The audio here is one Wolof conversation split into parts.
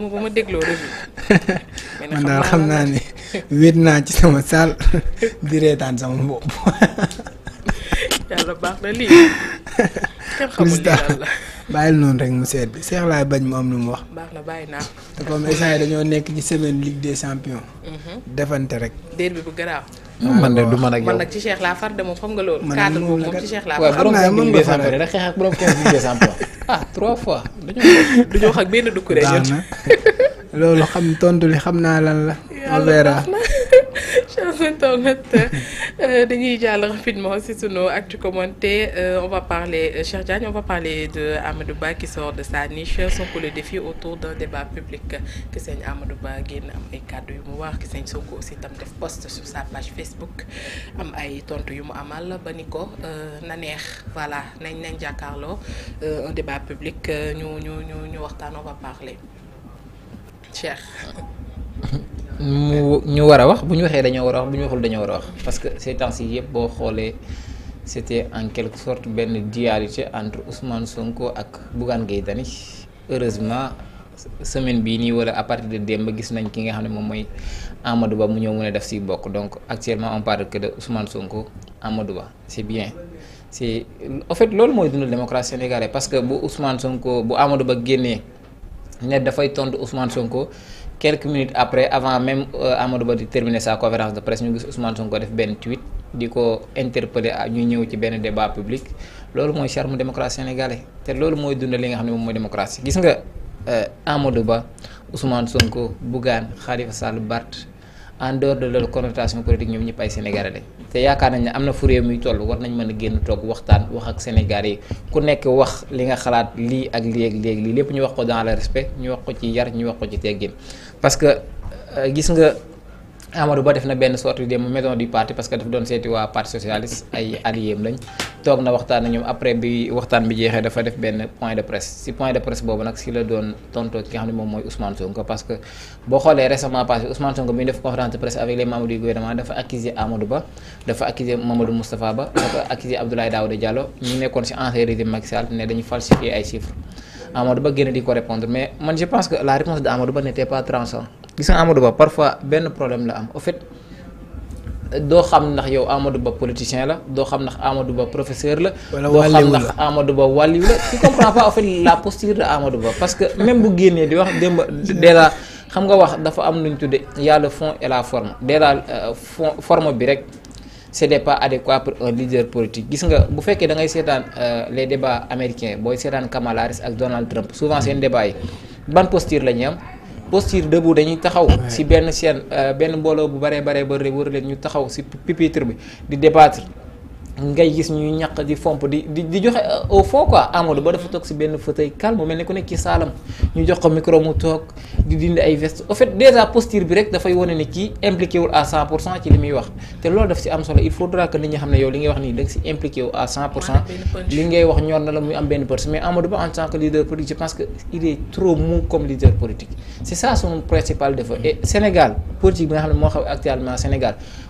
moom ba ma man daal xam naa ni wéet naa ci sama saal di reetaan sama bopp. yàlla la bàyyil noonu rek mu seet bi seex bañ mu am lu mu wax. baax bàyyi naa te comme instant dañoo nekk ci semaine Ligue des champions. Mhm. defante rek. Ah, man de du man ak yow man nag ci Cheikh laa far de moom xam nga loolu. man de moom ci Cheikh laa a waaw borom 5000 décembre rek xeex ak borom 15000 ah trois fois. dañoo wax ak benn dugg rek. loolu xam tontu li xam naa lan la. on verra Euh, dañuy jàll rapidement si sunu actu commenté euh, on va parler euh, Cheikh Diagne on va parler de Amadou Ba qui sort de sa niche Sonko le défi autour d'un débat public ki sëñ Amadou génn am ay kàddu yu mu wax ki sëñ Sonko aussi tam def post su sa page Facebook am ay tontu yu mu amal ba ni ko na neex voilà nañ nañ jàkkaarloo un débat public ñu ñu ñu ñu waxtaan on va parler Cheikh. mu ñu war a wax bu ñu waxee dañoo war a wax ñu waxul dañoo war wax parce que ces temps yëpp boo xoolee c'était en quelque sorte benn dualité entre Ousmane Sonko ak Bougane Gueye Dany heureusement semaine bii nii wala à partir de démb gis nañ ki nga xam ne moom mooy Amadou Ba mu ñëw mën a def si bokk donc actuellement on parle que de Ousmane Sonko Amadou Ba c'est bien c'est en loolu mooy dund démocratie sénégalaise parce que bu Ousmane Sonko bu Amadou Ba génnee ne dafay tontu Sonko. quelques minutes après avant même euh, Amadou Ba di terminer sa conférence de presse ñu gis Ousmane Sonko def benn tweet di ko interpeller ñu ñëw ci benn débat public loolu mooy charme démocratie sénégalais te loolu mooy dundal li nga xam ne moom mooy démocratie gis nga euh, Amadou Ba Ousmane Sonko Bougane Khalifa Sall Bart en dehors de leur connotation politique ñoom ñëpp ay sénégalais lañ te yaakaar nañ ne am na fu réew toll war nañ mën a génn toog waxtaan wax ak sénégalais yi ku nekk wax li nga xalaat lii ak lii ak lii lépp ñu wax ko dans le respect ñu wax ko ci yar ñu wax ko ci teggin parce que euh, gis nga Amadou Ba def na benn sortie de maison du parti parce que daf doon seeti waa parti socialiste ay alliés lañ toog na waxtaan na ñoom après bi waxtaan bi jeexee dafa def benn point de presse si point de presse boobu nag si la doon tontoo ki nga xam ne moom mooy Ousmane Sonko parce que boo xoolee récemment passé Ousmane Sonko bi ñu def conférence de presse avec les membres du dafa accuser Amadou Ba dafa accuser Mamadou Moustapha Ba dafa nekkoon si ancien régime Macky Sall ne dañu falsifier Amadou Ba génn di ko répondre mais man je pense que la réponse de Amadou Ba n'était pas tranchant gis nga Amadou Ba parfois benn problème la am au fait doo xam ndax yow Amadou Ba politicien la doo xam ndax Amadou Ba professeur la. doo xam ndax Amadou Ba wàlliw la. tu comprends pas en fait la posture de Amadou Ba parce que même bu génnee di wax démb déjà xam nga wax dafa am lu ñu tuddee y a le et la forme déjà euh, fond forme bi rek. ce n'est pas adéquat pour un leader politique gis nga bu fekkee dangay ngay seetaan euh, les débats américains booy seetaan Kamala ak Donald Trump souvent seen débat yi ban posture la ñu am posture debout dañuy taxaw si benn chaîne euh, benn mbooloo bu baree baree ba wër leen ñu taxaw si pupitre bi di débattre ngay gis ñuy ñaq di fomp di di joxe euh, au fond quoi Amadou Ba dafa toog si benn fauteuil calme mel ni ku nekk ci saalam ñu jox ko micro mu toog di dindi ay veste au fait déjà posture bi rek dafay wane ni kii impliqué wul à 100 pour cent ci li muy wax te lool daf si am solo il faudra que nit ñi xam ne yow li ngay wax nii da nga si impliqué wu à 100 pour cent li ngay wax ñor na la muy am benn poche mais Amadou Ba en tant que leader politique je pense bi nga xam ne moo xaw Sénégal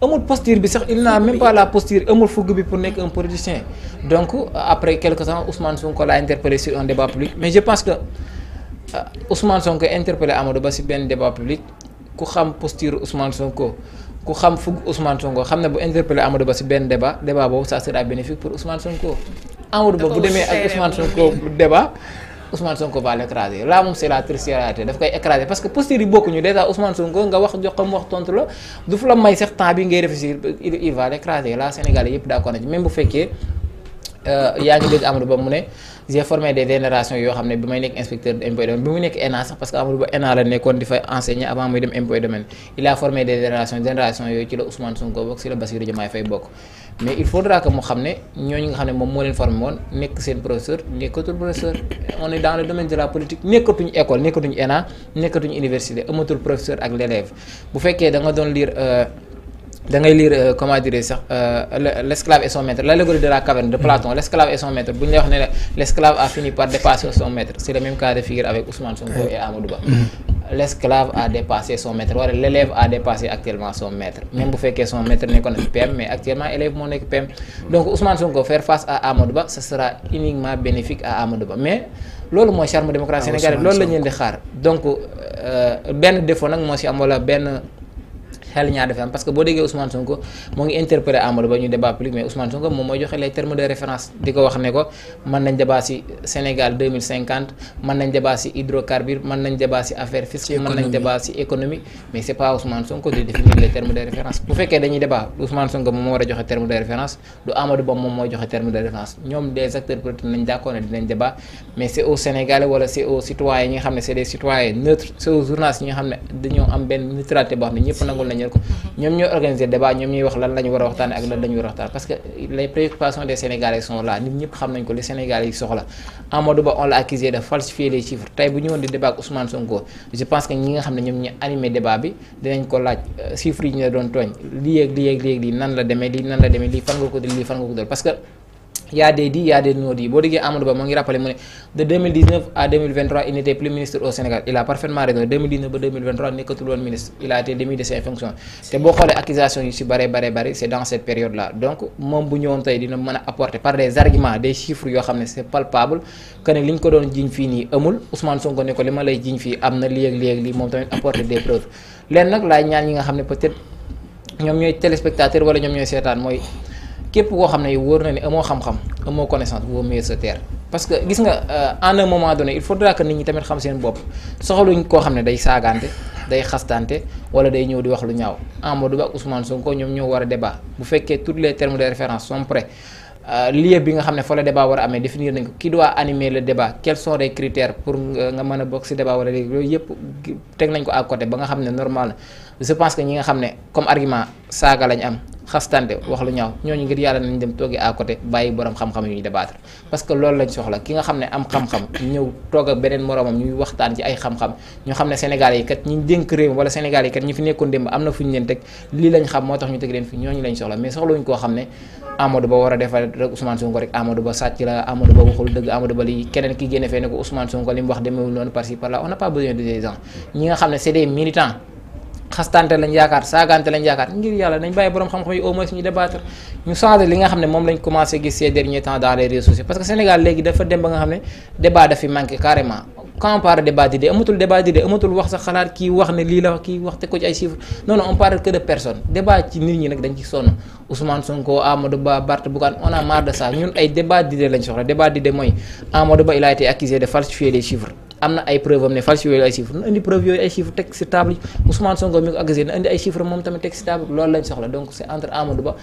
amul posture bi sax il n'a même pas la amul fugg bi pour nekk un politicien donc euh, après quelque temps Ousmane Sonko l'a interpellé sur un débat public mais je pense que euh, Ousmane Sonko interpellé Ba si benn débat ku xam posture Ousmane Sonko ku xam fugg Ousmane xam ne bu interpellé Amadou Ba si benn débat débat boobu ça sera bénéfique pour Ousmane Sonko. Amadou Ba bu demee ak Ousmane Sonko débat. Ousmane Sonko va l'écraser là moom c'est la triste réalité daf koy écraser parce que posture yi bokkuñu déjà Ousmane Sonko nga wax jox ko mu wax tontu la du fu la may sax temps bi ngay réfléchir il va l'écraser euh, yoo xam ne bi may nekk inspecteur de impôt a formé des générations génération yooyu ci la Ousmane Sonko bokk ci la Bassirou Diomaye Faye bokk mais il faudra que mu xam ne ñooñu nga xam ne moom moo leen formé woon nekk seen professeur nekkatul professeur on est dans le domaine de la politique nekkatuñu école nekkatuñu ENA nekkatuñu université amatul professeur ak l'élève bu fekkee da nga doon liir euh, da ngay lire euh, comment dire sax euh, l'esclave et son maître l'allégorie de la caverne de Platon l'esclave et son maître bu ñu wax ne l'esclave a fini par dépasser son maître c'est le même cas de figure avec Ousmane Sonko et Amadou Ba l'esclave a dépassé son maître wala l'élève a dépassé actuellement son maître même bu fekkee son maître nekkoon na fi mais actuellement élève moo nekk PM donc Ousmane Sonko faire face à Amadou Ba ce sera uniquement bénéfique à Amadou Ba mais loolu mooy charme démocratie ah, sénégalaise loolu la ñu leen di xaar donc euh, benn défaut nag moo si am wala benn xel ñaar dafa parce que boo déggee Ousmane Sonko moom mooy joxe les termes de référence di ko wax ne ko mën nañ débat si Sénégal mën nañ débat si hydrocarbure mën mën nañ débat si économie mais c' pas Ousmane Sonko di définir les termes de référence bu fekkee dañuy débat Ousmane Sonko moom moo war a joxe terme de référence du Amadou Ba moom mooy joxe terme de référence ñoom des acteurs politiques nañ d' accord ne dinañ mais c' est aux wala c' ñeel ñoom ñooy organiser débat ñoom ñuy wax lan la war a waxtaan parce que les préoccupations des sénégalais sont là nit ñëpp xam nañ ko les sénégalais yi soxla Amadou Ba on l'a accusé de falsifier les chiffres tey bu ñëwoon di débat ak Ousmane Sonko je pense que ñi nga xam ne ñoom ñu animé débat bi dinañ ko laaj euh, chiffres yi ñu la doon tooñ lii ak lii ak lii ak lii nan la demee lii nan la demee lii fan nga ko dul lii fan nga ko dul parce yaa a des dits y a des non dits boo déggee Amadou Ba moo ngi rappelé mu ne de 2019 à 2023 il n'était plus ministre au Sénégal il a parfaitement raison de 2019 ba 2023 nekkatul woon ministre il a été démis de ses fonctions te boo xoolee accusation yu si bare bare bare c' dans cette période là donc moom bu ñëwoon tey dina mën a apporter par des arguments des chiffres yoo xam ne c' est képp koo xam ne wóor na ne amoo xam-xam amoo connaissance vaut mieux se taire parce que gis nga euh, en un moment donné il faudra que nit ñi tamit xam seen bopp soxaluñ koo xam ne day saagaante day xastante wala day ñëw di wax lu ñaaw Amadou Ba ak Ousmane Sonko ñoom ñoo war a débat bu fekkee tous les termes de référence sont prêts euh, lieu bi nga xam ne fa la débat war a amee définir nañ ko qui doit animer le débat quels sont les critères pour nga mën a bokk ci débat yëpp teg nañ ko à côté nga xam ne normal je pense que ñi nga xam ne comme argument saaga lañ am. xastante wax lu ñaaw ñooñu ngir yàlla nañ dem toogee à bàyyi borom xam-xam yu ñu débattre parce que loolu lañ soxla ki nga xam ne am xam-xam ñëw toog ak beneen moromam am na fu ñu leen teg lii lañ xam moo tax ñu teg leen fi ñooñu lañ soxla mais soxlawuñ koo xam ne Amadou Ba war a defal rek Ousmane Sonko rek Amadou Ba sàcc la Amadou Ba waxul dëgg Amadou Ba lii keneen ki génne fee ne ko Ousmane Sonko li mu wax demeewul noonu par ci par là de ces xastante lañ yaakaar saagante lañ yaakaar ngir yàlla nañ bàyyi borom xam-xam yi au moins ñu débattre ñu changer li nga xam ne moom lañ commencé gis ces derniers temps dans réseaux sociaux parce que Sénégal léegi dafa dem ba nga xam ne débat dafi manqué carrément quand on parle débat d'idée amatul wax sa xalaat kii wax ne lii la wax kii wax te ko ci ay chiffres non non on parle personne débat ci nit ñi nag dañ ci sonn Ousmane Sonko Amadou Ba Bart Ba il a am na ay preuve am ne falsifié yooyu ay chiffres na indi preuve yooyu ay chiffres teg si table yi Sonko mi ko accusé na indi ay chiffres moom tamit teg si table loolu lañ soxla donc c' est entre Amadou Ba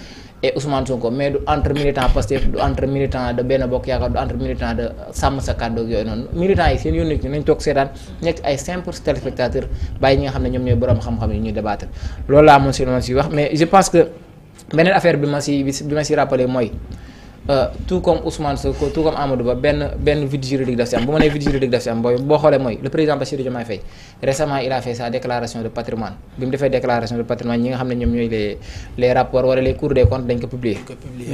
et Sonko mais du entre militant Pastef du entre militant de Benno Bokk Yaakaar du entre militant de Sàmm Sa Kàddu yooyu noonu militant yi seen yónni nañ toog seetaan nekk ay simples téléspectateurs bàyyi ñi nga xam ne ñoom ñooy borom xam-xam yi ñuy débattre loolu laa Euh, tout comme Ousmane Sonko tout comme Amadou Ba benn benn vide juridique daf si am bu ma nee vide juridique daf si am booy boo xoolee mooy le président Bassirou Diomaye Faye récemment il a fait sa déclaration de patrimoine bi mu defee déclaration de patrimoine ñi nga xam ne ñoom ñooy les les rapports wala les cours des comptes dañ ko publier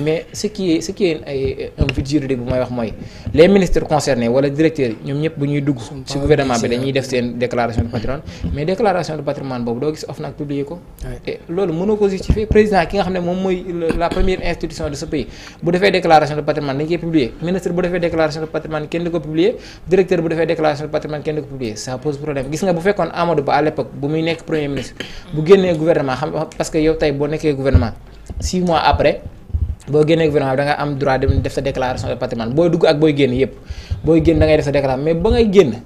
mais ce qui est ce qui est un vide juridique bu may wax mooy les ministres concernés wala directeurs ñoom ñëpp bu ñuy dugg si gouvernement bi dañuy def seen déclaration de patrimoine mais déclaration de patrimoine boobu doo gis OFNAC publier ko loolu mënoo ko justifier président ki nga xam ne moom mooy la première institution de ce pays bu defee déclaration de patrimoine dañ koy publier ministre bu defee déclaration de patrimoine kenn di ko publier directeur bu defee déclaration de kenn di ko publier ça pose problème gis nga bu fekkoon Amadou Ba à l'époque bu muy nekk premier ministre bu génnee gouvernement xam parce que yow tey boo nekkee gouvernement six mois après boo génnee gouvernement bi am droit dem def sa déclaration de booy dugg ak booy génn yépp booy génn da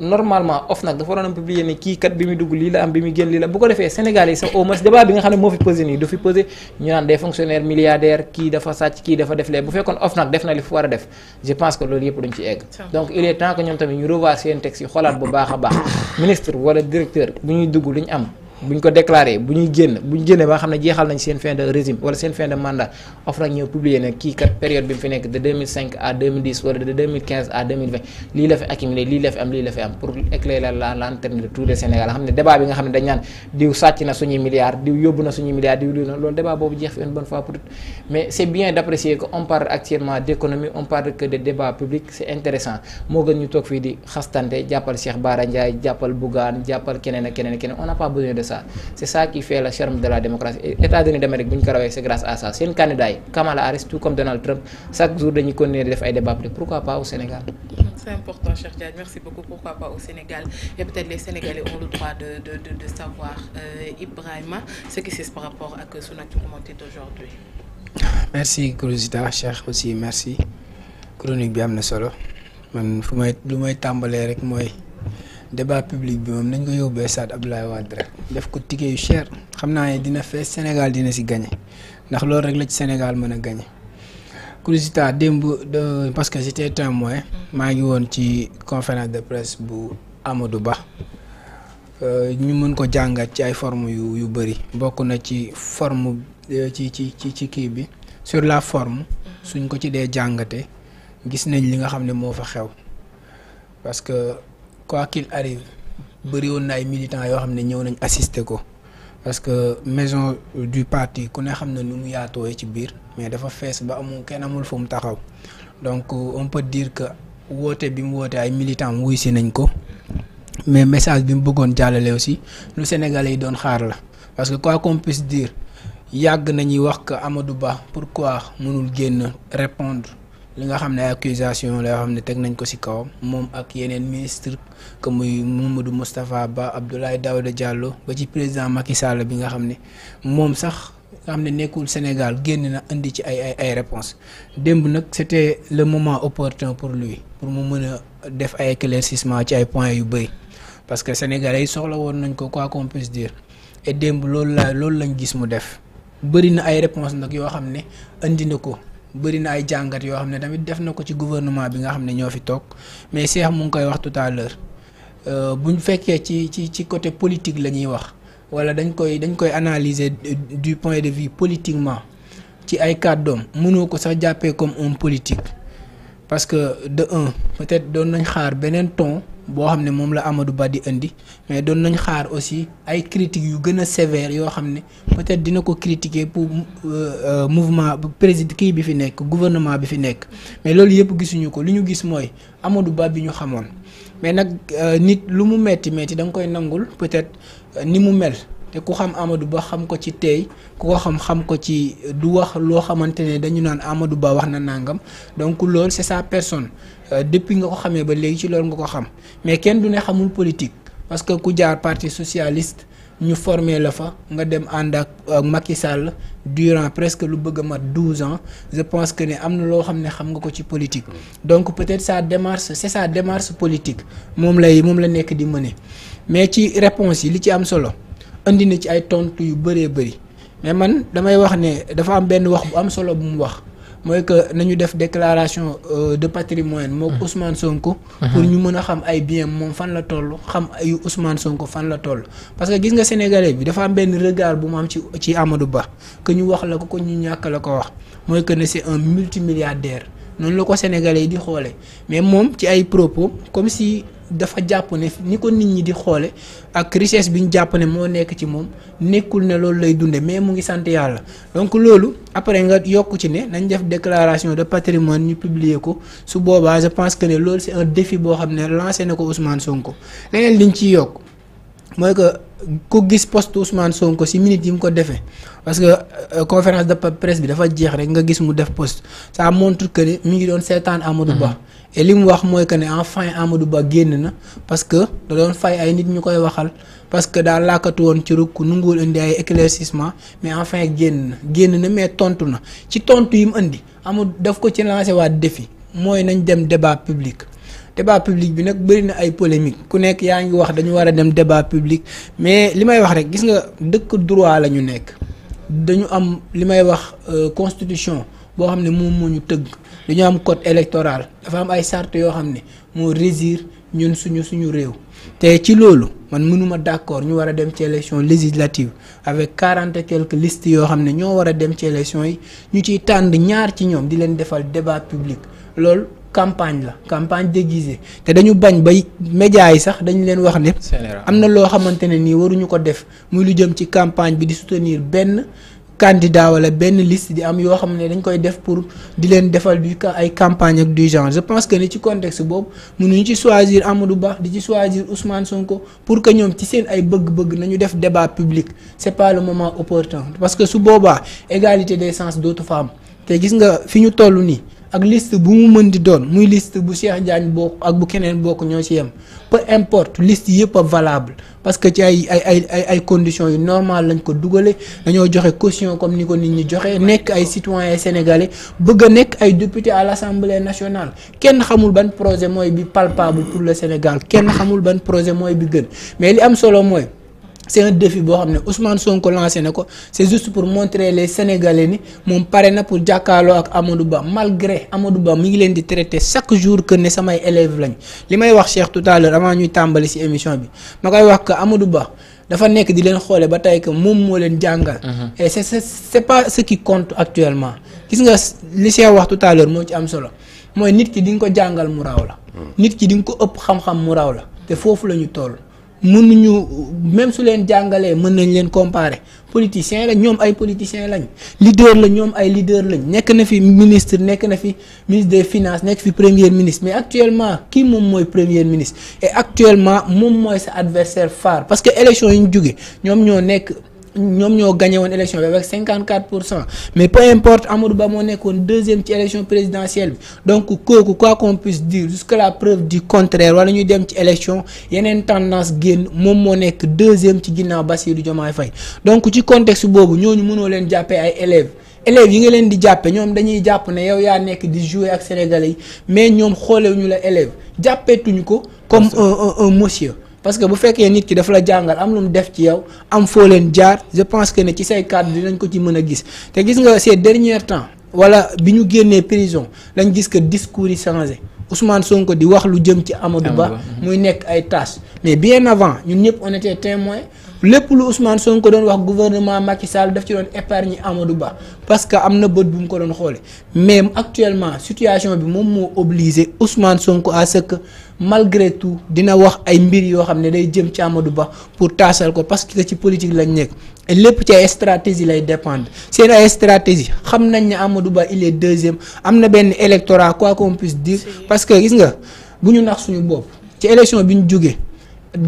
normalement OFNAC dafa waroon a publier ne kii kat bi muy dugg lii la am bi muy génn lii la bu ko defee Sénégal yi sax au moins débat bi nga xam ne moo fi posé nii du fi posé ñu naan des fonctionnaires milliardaires kii dafa sàcc kii dafa def lee bu fekkoon OFNAC def na li fu war a def je pense que loolu yëpp duñ ci egg donc il e temps que ñoom tamit ñu revoir seen texte yi xoolaat bu baax a baax ministre wala directeur bu ñuy dugg li ñu am bu ñu ko déclaré bu ñuy génn bu ñu génnee ba nga xam ne jeexal nañ seen fin régime wala seen fin de mandat OFNAC ñëw ne kii kat période bi mu fi nekk de 2005 à 2010 wala de 2015 à 2020 lii la fi accumulé lii la fi am lii la fi am pour éclairer la lanterne de tout le Sénégal xam ne débat bi nga xam ne dañ diw sàcc na suñuy milliards diw yóbbu na suñuy milliards diw diw na loolu débat boobu jeex fi une de débat public c' est intéressant moo toog fii di xastante jàppal Cheikh Bara Ndiaye jàppal Bougane jàppal keneen ak keneen ak keneen on n'a ça c'est ça qui fait le charme de la démocratie États-Unis d'Amérique bu ñu ko rawee c'est grâce à ça seen candidat yi Kamala Harris tout comme Donald Trump chaque jour dañuy continuer def ay débat pourquoi pas au Sénégal c'est important Cheikh Diagne merci beaucoup pourquoi pas au Sénégal et peut-être les Sénégalais de de savoir euh, Ibrahima ce qui se par rapport ak sunu actu commentée d'aujourd'hui bi am na solo man fu may rek mooy débat public bi moom nañ ko yóbbee stade Abdoulaye Wade rek def ko ticket yu cher xam naa ne dina fees Sénégal dina si gagné ndax loolu rek la ci Sénégal mën a gagné. Kourouzita démb parce que j'étais témoin maa ngi woon ci conférence de presse bu Amadou Ba euh, ñu mën ko jàngat ci ay forme yu yu bëri bokk na ci forme euh, ci ci ci ci kii bi sur la forme suñ ko ci dee jàngate gis nañ li nga xam ne moo fa xew parce quoi qu'il arrive bëri woon na ay militants yoo xam ne ñëw nañ assister ko parce que maison euh, du parti ku ne xam ne nu mu yaatooyee ci biir mais dafa fees ba amul kenn amul fu mu taxaw donc euh, on peut dire que woote bi mu woote ay militants wuy si nañ ko mais message bi mu bëggoon jàllale aussi lu sénégale yi doon xaar la parce que quoi qu'on diir dire yàgg nañuy wax que Amadou Ba quoi mënul génn répondre li nga xam ne ay accusation la yoo xam ne teg nañ ko si kawam moom ak yeneen ministre que muy Mamadou Moustapha Ba Abdoulaye Daouda Diallo ba ci président Macky Sall bi nga xam ne moom sax nga xam ne nekkul Sénégal génn na indi ci ay ay ay réponses démb nag te le moment opportun pour lui pour mu mën a def ay éclaircissement ci ay points yu bëri parce que sénégalais yi soxla woon nañ ko quoi qu'on puisse dire et démb loolu la loolu lañ gis mu def bëri na ay réponses nag yoo xam ne indi na ko. bëri na ay jàngat yoo xam ne tamit def na ko ci gouvernement bi nga xam ne ñoo fi toog mais Cheikh mu ngi koy wax tout à l'heure euh, buñ fekkee ci ci ci côté politique la ñuy wax wala dañ koy dañ koy analyser du point de vie politiquement ci ay kàddoom mënoo ko sax jàppee comme un politique parce que de un peut-être doon nañ xaar beneen ton boo xam ne moom la amadu Ba di indi mais doon nañ xaar aussi ay critiques yu gën a sévères yoo xam ne peut-être dina ko critiquer pour euh, euh, mouvement président kii bi fi nekk gouvernement bi fi nekk mais loolu yëpp gisuñu ko lu ñu gis mooy amadu Ba bi ñu xamoon mais nag euh, nit lu mu metti metti da nga koy nangul peut-être ni mu mel te ku xam amadu Ba xam ko ci tey ku ko xam xam ko ci du wax loo xamante ne dañu naan amadu Ba wax na nàngam donc loolu c'est sa personne Euh, depuis nga ko xamee ba léegi ci loolu nga ko xam mais kenn du ne xamul politique parce que ku jaar parti socialist ñu formé la fa nga dem ànd ak Macky Sall durant presque lu bëgg a mat douze ans je pense que ne am na loo xam ne xam nga ko ci politique. donc peut-être sa démarche c'est sa démarche politique moom lay moom la nekk di mëne mais ci réponse yi li ci am solo indi na ci ay tontu yu bëree bëri mais man damay wax ne dafa am benn wax bu am solo bu mu wax. mooy que nañu def déclaration euh, de patrimoine moog mm-hmm. Ousmane Sonko. Mm-hmm. pour ñu mën a xam ay bien moom fan la toll xam ay Ousmane Sonko fan la toll. parce que gis nga sénégalais bi dafa am benn regard bu mu am ci ci Amadou Ba que ñu wax la ko ko ñu ñàkk la ko wax mooy que ne c'est un multi multimilliardaire noonu la ko sénégalais yi di xoolee mais moom ci ay propos comme si. dafa jàpp ne ni ko nit ñi di xoole ak richesse bi ñu jàpp ne moo nekk ci moom nekkul ne loolu lay dunde mais mu ngi sant yàlla donc loolu après nga yokk ci ne nañ def déclaration de patrimoine ñu publier ko su boobaa je pense que ne loolu c'est un défi boo xam ne lancé na ko Ousmane Sonko leneen liñ ciy yokk mooy que ku gis poste Ousmane Sonko ci minute yi mu ko defee parce que euh, conférence de presse bi dafa jeex rek nga gis mu def poste ça montre que ni mi ngi doon seetaan Amadou Ba. Mm-hmm. et li mu wax mooy que ne enfin Amadou Ba génn na parce que da doon fay ay nit ñu koy waxal parce que daal làkkatu woon ci rukk nunguwul indi ay éclaircissement mais enfin génn na génn na mais tontu na ci tontu yi mu indi Amadou daf ko ci lancé waa defi mooy nañ dem débat public. débat public bi nag bëri na ay polémique ku nekk yaa ngi wax dañu war a dem débat publique mais li may wax rek gis nga dëkk droit la ñu nekk dañu am li may wax euh, constitution boo xam ne moom moo ñu tëgg dañu am code électoral dafa am ay charte yoo xam ne moo régir ñun suñu suñu réew te ci loolu man mënuma d'accord ñu war a dem ci élection législative avec quarante et quelques yoo xam ne ñoo war a dem ci élection yi ñu ciy tànd ñaar ci ñoom di leen defal débat public loolu campagne la campagne déguisée te dañu bañ bay médias yi sax dañu leen wax ne am na loo xamante ne nii waruñu ko def muy lu jëm ci campagne bi di soutenir benn candidat wala benn list di am yoo xam ne dañ koy def pour di leen defal du ay campagne ak du genre je pense que ni ci contexte boobu mënuñu ci choisir Amadou Ba di ci choisir Ousmane Sonko pour que ñoom ci seen ay bëgg-bëgg nañu def débat public c'est pas le moment opportun parce que su boobaa égalité des chances dootu fa am gis nga fi ñu toll nii ak liste bu mu mën di doon muy list bu Cheikh Diagne bokk ak bu keneen bokk ñoo ci yem peu import liste yëpp a valable parce que ci ay ay ay ay conditions yu normal lañ ko dugale dañoo joxe caution comme ni ko nit ñi joxe nekk ay citoyens sénégalais bëgg a nekk ay député à l'Assemblée national kenn xamul ban projet mooy bi palpable pour le Sénégal kenn xamul ban projet mooy bi gën mais li am solo mooy. c'est un boo xam ne Ousmane Sonko lancé na ko c'est juste pour montrer les Sénégalais ni moom pare na pour jàkkaarloo ak Amadou Ba malgré Amadou Ba mi ngi leen di traiter chaque jour que ne samay élève lañ li may wax Cheikh tout à l'heure ñuy tàmbali si émission bi ma koy wax que Amadou Ba dafa nekk di leen xoolee ba tey que moom moo leen jàngal. e c'est c'est pas ce qui compte actuellement gis nga li Cheikh wax tout moo ci am solo mooy nit ki di nga ko jàngal mu raaw la. Mhm. nit ki di nga ko ëpp xam mu raaw la foofu la ñu toll. mun mënuñu même su leen jàngalee mën nañ leen comparer politiciens la ñoom ay politiciens lañ leader la ñoom ay leader lañ nekk na fi ministre nekk na fi ministre des finances nekk fi premier ministre mais actuellement kii moom mooy premier ministre et actuellement moom mooy sa adversaire phare parce que élection yi ñu jógee ñoom ñoo nekk. ñoom ñoo gagné woon élection bi avec 54 pour cent mais peu importe Amadou Ba moo nekkoon deuxième ci élection présidentielle bi donc kooku quoi qu'on puisse dire jusqu'à la preuve du contraire wala ñuy dem ci élection yeneen tendance génn moom moo nekk deuxième ci ginnaaw Bassirou Diomaye fay donc ci contexte boobu ñooñu mënoo leen jàppee ay élève élèves yi nga leen di jàppe ñoom dañuy jàpp ne yow yaa nekk di jouer ak sénégalais yi mais ñoom xoolewuñu la élève jàppeetuñu ko comme un un un parce que bu fekkee nit ki daf la jàngal am lu def ci yow am foo leen jaar je pense que ne ci say cadre dinañ ko ci mën a gis te gis nga ces derniers temps wala bi ñu génnee prison lañ gis que discours yi changé Ousmane Sonko di wax lu jëm ci Amadou Ba mhm. muy nekk ay tâches mais bien avant ñun ñëpp on était témoins lépp lu Ousmane ko doon wax gouvernement Macky Sall daf ci doon épargne amadu Ba parce que am na bët bu mu ko doon xoole mais actuellement situation bi moom moo obligé Ousmane Sonko à ce que malgré tout dina wax ay mbir yoo xam ne day jëm ci Amadou Ba pour taasal ko parce que ci politique lañ nekk lépp ci ay stratégie lay dépendre seen ay stratégie xam nañ ne Amadou Ba il deuxième am na benn électorat quoi qu'on puisse dire parce que gis nga bu ñu nax suñu bopp ci élection bi ñu jógee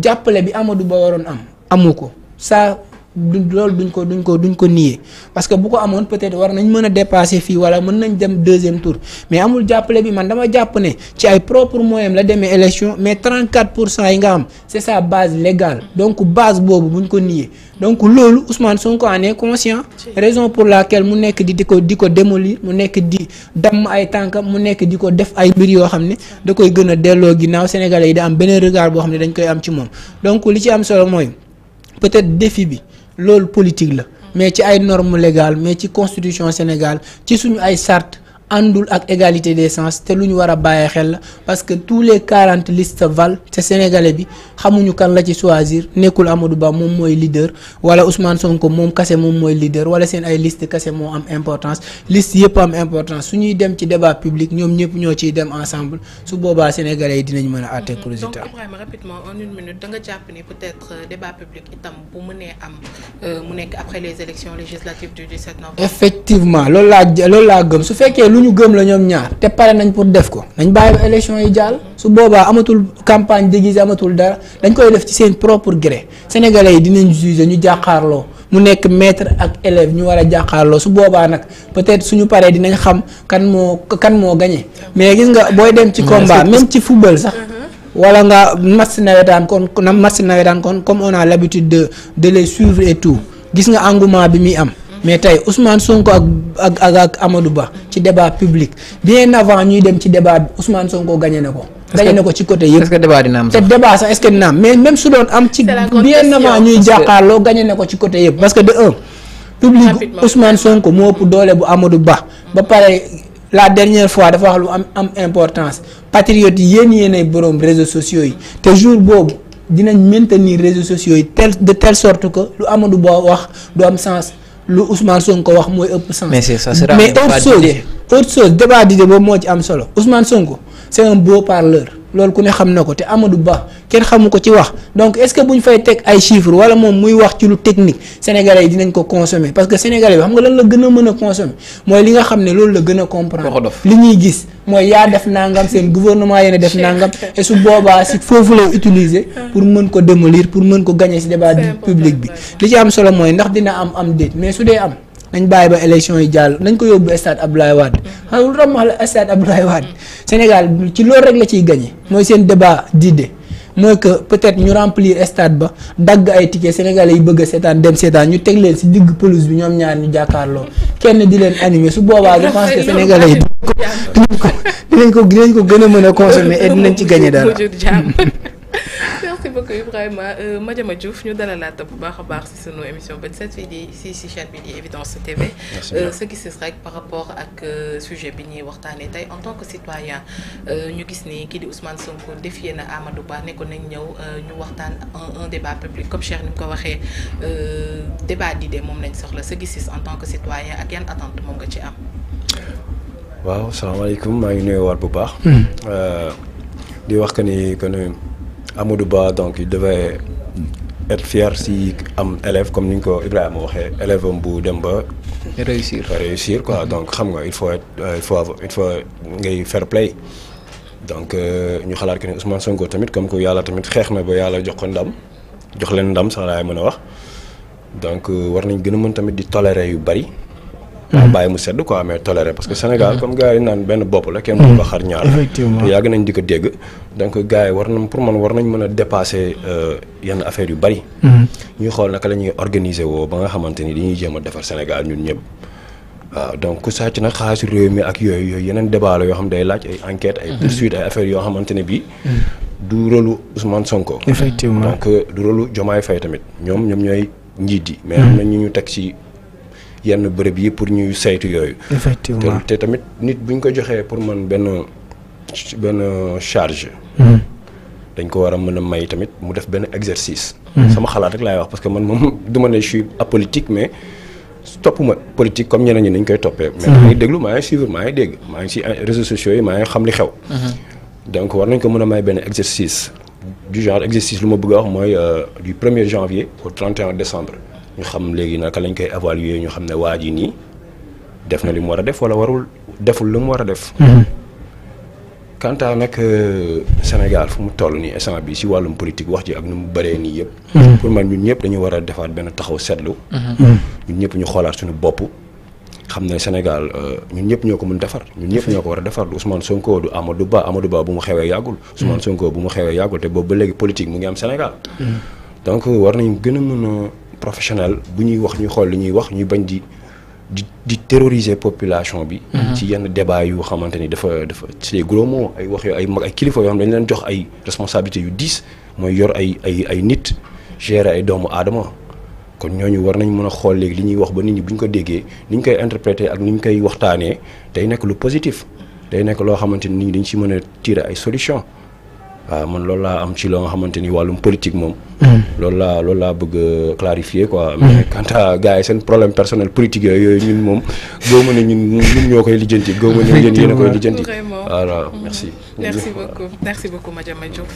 jàppale bi Amadou Ba waroon am amu ko saa du loolu duñ ko duñ ko duñ ko nii parce que bu ko amoon peut-être war nañ mën a dépasser fii wala mën nañ dem deuxième tour mais amul jàppale bi man dama jàpp ne ci ay propre moyen la demee élection mais 34 pour cent yi nga am c'est sa base légale donc base boobu buñ ko nier donc loolu Ousmane Sonko en est conscient raison pour la laquelle mu nekk di di ko di ko démolir mu nekk di damm ay tànkam mu nekk di ko def ay mbir yoo xam ne da koy gën a delloo ginnaaw sénégalais yi da am beneen boo xam ne dañ koy am ci moom donc li ci am solo mooy peut-être défi bi loolu politique la mm. mais ci ay normes légales mais ci constitution Sénégal ci suñu ay charte àndul ak égalité des chances te lu ñu war a xel la parce que tous les quarante listes valent te sénégalais bi xamuñu kan la ci choisir nekkul Amadou Ba moom mooy leader wala Ousmane Sonko moom kase moom mooy leader wala seen ay liste kase moo am importance liste yëpp am importance su ñuy dem ci débat public ñoom ñëpp ñoo ciy dem ensemble su boobaa sénégalais yi dinañ mën a àtte mhm. résultat. donc Ibrahima rapidement euh, public itam bu mënee am euh, nekk après les élections législatives du effectivement loolu laa loolu laa gëm lu ñu gëm la ñoom ñaar te pare nañ pour def ko nañ bàyyi ba élection yi jàll su boobaa amatul campagne déguisée amatul dara dañ koy def ci seen propre gré sénégalais yi dinañ juger ñu jàkkaarloo mu nekk maître ak élève ñu war a jàkkaarloo su boobaa nag peut-être suñu paree dinañ xam kan moo kan moo gagné mais gis nga booy dem ci combat même ci football sax mm-hmm. wala nga match nawetaan kon match nawetaan kon comme on a l'habitude de de les suivre tout gis nga engouement mais tey Ousmane Sonko ak ak ak ak Amadou Ba ci débat public bien avant ñuy dem ci débat bi Ousmane Sonko gagné na ko. gagné na ko ci côté yëpp est-ce que débat dina am te débat sax est-ce que dina am mais même su doon am. ci bien avant ñuy jàkkaarloo gagné na ko ci côté yëpp. parce que de un public Ousmane Sonko moo ëpp doole bu Amadou Ba ba pare. la dernière fois dafa wax lu am am importance patriotes yi yéen yéenay borom réseaux sociaux yi te jour boobu dinañ maintenir réseaux sociaux yi tel de telle sorte que lu Amadou Ba wax du am sens lu Ousmane Sonko wax mooy ëpp sens. mais ça sera mais autre chose autre boobu moo ci am solo Ousmane Sonko c'est un beau parleur. loolu ku ne xam na ko te Amadou Ba kenn xamu ko ci wax donc est-ce que bu ñu fay teg ay chiffres wala moom muy wax ci lu technique sénégalais yi dinañ ko consommer parce que sénégale bi xam nga lan la gën a mën a consommer mooy li nga xam ne loolu la gën a comprendre li ñuy gis mooy yaa def nangam seen gouvernement yéen def nangam et su boobaa si foofu la utiliser pour mën ko démolir pour mën ko si gagner baa débat public bi li ci am solo mooy ndax dina am am déet su dee am nañ baay ba élection yi jàll nañ ko yóbbu stade Abdoulaye Wade mm-hmm. xam nga lu tax ma wax la stade Abdoulaye Wade Sénégal ci loolu rek la ciy gagné mooy seen débat d'idées mooy que peut-être ñu remplir stade ba dagg ay ticket sénégalais yi bëgg a seetaan dem seetaan ñu teg leen si digg pelouse bi ñoom ñaar ñu jàkkaarloo kenn di leen animer su boobaa je pense que sénégalais yi dinañ ko dinañ ko dinañ ko gën a mën a consommer et dinañ ci gagné dara. merci beaucoup Ibrahima euh, Madiama Diouf ñu dalalaat bu baax a baax si sunu émission 27 fii di si si chaîne bi di Evidence TV. Euh, ce qui se rek par rapport ak euh, sujet bi ñuy waxtaanee tey en tant que citoyen ñu gis ni kii di Ousmane Sonko défier na Amadou Ba ne ko ñëw ñu waxtaan un débat public comme Cheikh ni mu ko waxee débat d'idées moom lañ soxla sa gis en tant que citoyen ak yan attente moom nga ci am. waaw salaamaaleykum maa ngi nuyuwaat bu baax. Hmm. di wax que Amadou Ba donc il devait être fier si am élève comme ni ñu ko Ibrahima waxee élève bu dem ba. réussir réussir quoi mm-hmm. donc xam nga il faut être euh, il faut il faut ngay fair play donc euh, ñu xalaat que ne Ousmane Sonko tamit comme que yàlla tamit xeex na ba yàlla jox ko ndam jox leen ndam sax laay mën a wax donc euh, war nañ gën a mën tamit di tolérer yu bari. waaw mm-hmm. bàyyi mu sedd quoi mais toléré parce que Sénégal mm-hmm. comme gars yi naan benn bopp la kenn mënu ko xar ñaar effectivement yàgg nañ di ko dégg war nañ pour man a dépasser euh, yenn affaires yu bari mm-hmm. ñuy xool naka la ñuy organiser woo ba nga xamante ni dañuy jéem a defar Sénégal ñun ñëpp donc ku sàcc nag xaalisu ak yooyu yooyu yeneen débat la yoo xam day laaj ay enquête ay poursuite xamante ne bii du rôlu Ousmane Sonko effectivement donc du rôlu Diomaye Faye tamit ñoom ñoom ñooy njiit yi mais am na ñu ñu teg ci yenn bërëb yi pour ñuy saytu yooyu. effectivement te tamit nit bu ñu ko joxee pour man benn benn charge. Hmm. dañ ko war a mën a may tamit mu def benn exercice. Hmm. sama xalaat rek laay wax parce que man moom du ma ne je suis apolitique mais. topp ma politique comme ñeneen ñi nañ koy toppee. mais hmm. maa ngi déglu maa ngi suivre maa ngi dégg maa ngi si réseaux sociaux yi maa ngi xam li xew. donc war nañ ko mën a may benn exercice. du genre exercice lu ma bëgg a wax mooy euh, du 1er janvier au 31 décembre. ñu xam léegi naka lañ koy évaluer ñu xam ne waa ji nii def na li mu war a def wala warul deful lu mu war a def. Mhm. quant à nag euh, Sénégal fu mu toll nii instant bi si wàllum politique wax ji ak nu mu bëree nii yëpp. Mhm. pour man ñun ñëpp dañu war a defaat benn taxaw seetlu. Mhm. ñun ñëpp ñu xoolaat suñu bopp. xam ne Sénégal euh, ñu ñëpp ñoo ko mën defar ñun ñëpp ñoo ko war a defar du Ousmane Sonko du Amadou Ba Amadou Ba bu mu xewee yàggul. Ousmane Sonko bu mu xewee yàggul te boobu ba léegi politique mu ngi am Sénégal. Euh, professionnel bu ñuy wax ñu xool li ñuy wax ñu bañ di di di terroriser population bi. Mhm. ci yenn débat yu xamante ni dafa dafa c'est gros mots ay wax yoo ay mag ay kilifa yoo xam dañ leen jox ay responsabilités yu diis mooy yor ay ay ay nit gérer ay doomu aadama. kon ñooñu war nañ mën a xool léegi li ñuy wax ba nit ñi bu ñu ko déggee ni ñu koy interpréter ak ni ñu koy waxtaanee day nekk lu positif day nekk loo xamante ni nit ñi dañ ci mën a tirer ay solution waaw man loolu laa am ci loo nga xamante ni wàllum politique moom. loolu laa loolu laa bëgg a clarifier quoi. mais mm-hmm. quant à gars seen problème personnel politique yooyu ñun moom góob ma ñun ñun ñoo koy lijjanti góob ma ne a koy lijjanti. voilà mm-hmm. merci. merci beaucoup merci beaucoup Madiama Diouf.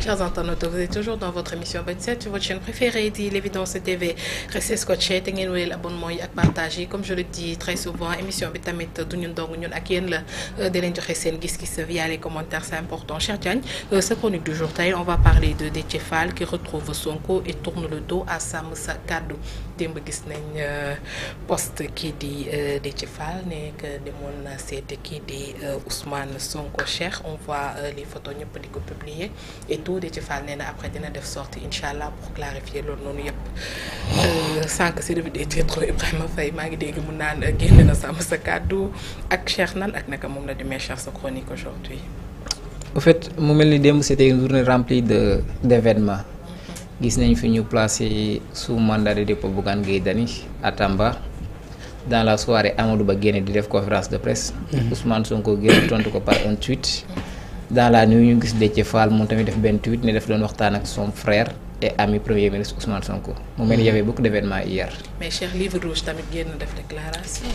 chers vous êtes toujours dans votre émission Budget votre chaîne préférée di l'évidence te ngeen wéyal abonnement yi ak partage comme je le dis très souvent émission bi tamit du ñun dong ñun ak yéen la euh, di leen joxe seen gis-gis via les commentaires c'est important Cheikh euh, Ousmane Sonko et tourne le dos à Sàmm Sa Kàddu démb gis nañ euh, poste kii di euh, de ci Fall ne que demoon na seete kii di euh, Ousmane Sonko Cheikh on voit les photos ñëpp di ko publier et tout Déthié Fall nee na après dina def sortie incha allah pour clarifier loolu noonu yëpp sànq si revue des titres Ibrahima Faye maa ngi dégg mu naan génn Sàmm Sa Kàddu ak Cheikh nan ak naka moom la demee Cheikh sa chronique aujourd'hui en fait mu mel ni démb c'était une journée remplie de d'événements gis nañ fi ñu placé sous mandat de dépôt Bougane Gueye Dany à Tamba la soirée Amadou Ba génne di def conférence de presse. Mhm. Ousmane Sonko génn tontu ko par un tweet. dans la nuit ñu gis Déthié Fall moom tamit def benn tweet ne def doon waxtaan ak son frère et ami premier ministre Ousmane Sonko. mu mel ni mhm. y avait beaucoup d'événements Livre Rouge tamit génn def déclaration.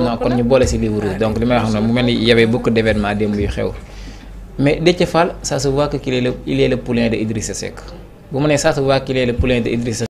ma kon ñu boole si Livre Rouge ah, donc li may wax noonu mu mel ni y avait démb yu xew. mais Déthié Fall ça se voit que qu'il est le il est le poulain nee ça se voit qu'il est le poulain de